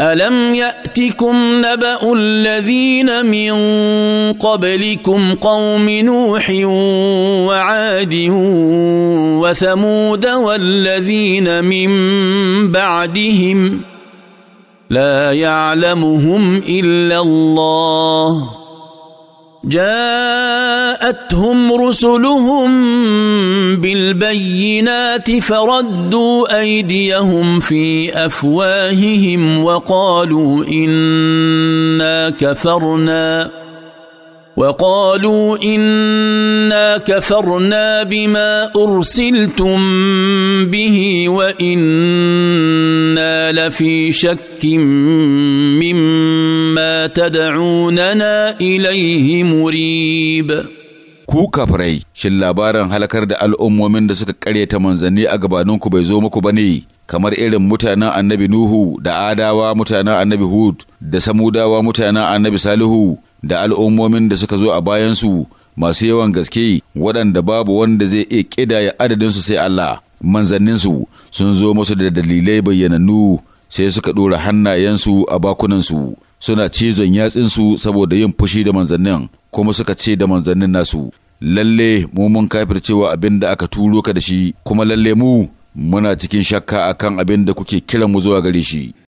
الم ياتكم نبا الذين من قبلكم قوم نوح وعاد وثمود والذين من بعدهم لا يعلمهم الا الله جاءتهم رسلهم بالبينات فردوا ايديهم في افواههم وقالوا انا كفرنا وقالوا انا كفرنا بما ارسلتم به وانا لفي شك مما تدعوننا اليه مريب ku kafirai shin labarin halakar da al'ummomin da suka karyata manzanni a gabaninku bai zo muku ba ne kamar irin mutanen annabi Nuhu da Adawa mutanen annabi Hud da Samudawa mutanen annabi Salihu da al'ummomin da suka zo a bayansu masu yawan gaske waɗanda babu wanda zai iya ƙidaya adadinsu sai Allah manzanninsu sun zo musu da dalilai bayyanannu sai suka ɗora hannayensu a bakunansu suna cizon yatsinsu saboda yin fushi da manzannin kuma suka ce da manzannin nasu lalle mu mun kafircewa abin da aka turo ka da shi kuma lalle mu muna cikin shakka akan abin da kuke kiran mu zuwa gare shi